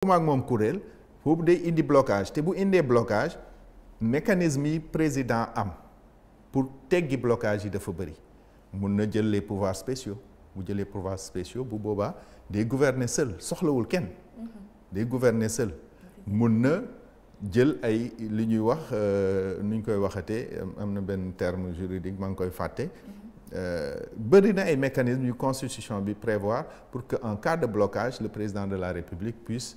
maak moom kuréel pour des indi blocage te bu indee blocage mécanisme président am pour teggi blocage yi dafa bëri mun na jël les pouvoirs spéciaux bu les pouvoirs spéciaux bu boobaa des gouverner seul soxlawul kenn mhm. des gouverner seul mun na jël ay li ñuy wax euh, nu ñu koy waxatee am na terme juridique maa ngi koy fàtte mhm. euh, bëri na ay mécanismes yu constitution bi prévoir pour que en cas de blocage le président de la République puisse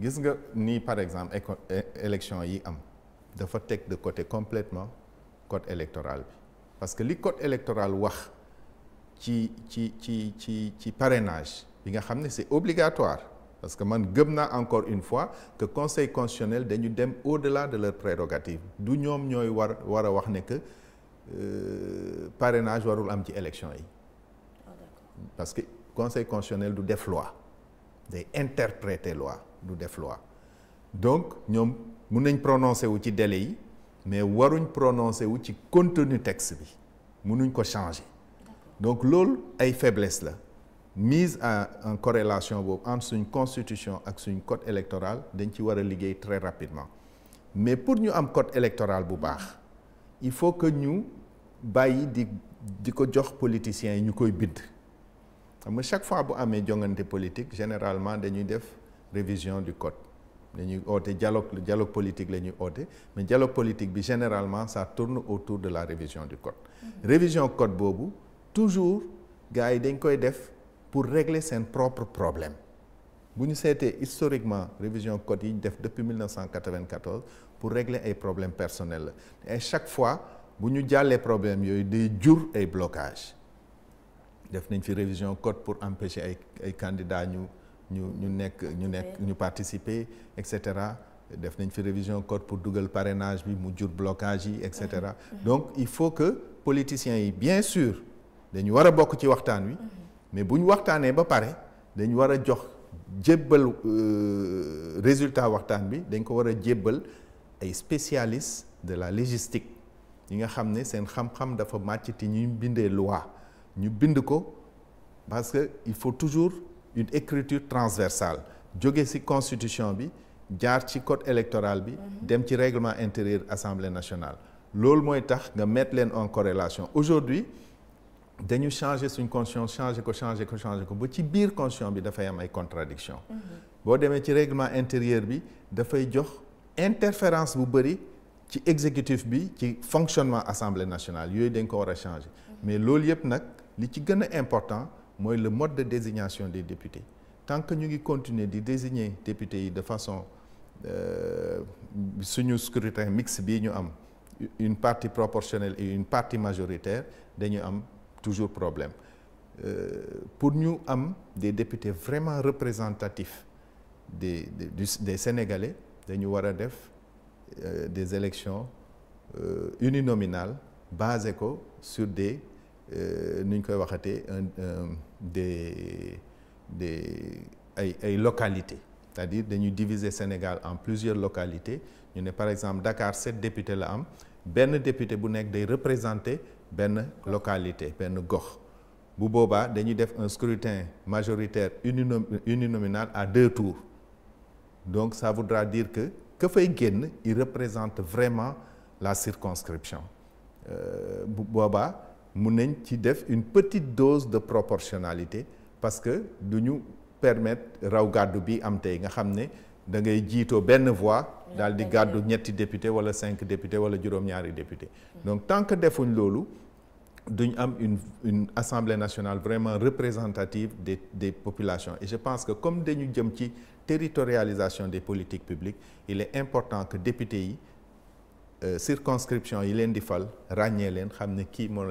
gis nga par exemple élection yi am de côté complètement code électoral parce que li code électoral wax ci parrainage c'est obligatoire parce que man gëm encore une fois que le conseil constitutionnel dañu au-delà de leur prérogative du ñoom ñooy war que euh, parrainage warul am élection ah, parce que conseil constitutionnel du def loi day interpréter loi du def loi donc nous mun nañ prononcé wu ci délai mais waruñ prononcer wu ci contenu texte bi mënuñ ko changer donc lool ay faiblesse la mise en corrélation entre suñ constitution ak une code électorale, dañ ci wara très rapidement mais pour ñu am code électoral bu il faut que nous bayyi des jox politiciens ñukoy ñu chaque fois bu avons jonganté politique généralement nous def révision du code dialogue le dialogue politique la mais dialogue politique généralement ça tourne autour de la révision du code mm-hmm. révision code Bobu toujours gars yi pour régler ses propres problèmes. Historiquement, nous historiquement révision code depuis 1994 pour régler ay problèmes personnels et chaque fois problèmes, les problèmes, problème y durs et blocages. blocage def fait une révision code pour empêcher les candidats nous ñu ñu ñu ñu participer et cetera def nañ fi révision code pour dugal parrainage bi mu jur blocage et cetera mm-hmm. Mm-hmm. donc il faut que politiciens yi bien sûr dañu war beaucoup de ci waxtaan wi mm-hmm. mais bu ñu waxtaanee ba pare dañu war a djébal euh, résultat waxtan bi dañ ko wara djébal ay spécialistes de la logistique ñi nga xamné sen xam-xam dafa match ti ñu bindé loi ñu bind ko parce que il faut toujours une écriture transversale Il ci constitution bi constitution, ci code électoral bi mhm. dem ci règlement intérieur assemblée nationale C'est moy tax nga mettre len en corrélation aujourd'hui dañu changer une conscience, changer ko changer ko changer ko ba ci bir y bi fay am ay contradiction mhm. Bo un ci règlement intérieur bi fay jox interférence bu l'exécutif ci exécutif bi ci fonctionnement assemblée nationale yoy dañ ko changer mhm. mais ce yep nak li ci gëna important le mode de désignation des députés tant que nous continuons de désigner des députés de façon euh, suñu scrutin mixte nous ñu une partie proportionnelle et une partie majoritaire nous avons toujours problème euh, pour nous des députés vraiment représentatifs des Sénégalais dañu avons euh, des élections uninominales basées sur des euh, nous avons koy des localités c'est-à-dire nous diviser Sénégal en plusieurs localités par exemple Dakar sept députés la am député bu nekk représenter localité Ben Gokh. bu nous avons un scrutin majoritaire uninominal à deux tours donc ça voudra dire que que fay fait, il représente vraiment la circonscription euh, bu nous une petite dose de proportionnalité parce que nous nous permettre raw gàddu bi am de nga vous ne da ngay jiitoo benn voix daal di gàddu ñetti député wala cinq député wala ou ñaari députés. donc tant que defuñ loolu duñ am une une assemblée nationale vraiment représentative des des populations et je pense que comme nous jëm ci territorialisation des politiques publiques il est important que député yi euh, circonscription yi leen di fal ràññee leen xam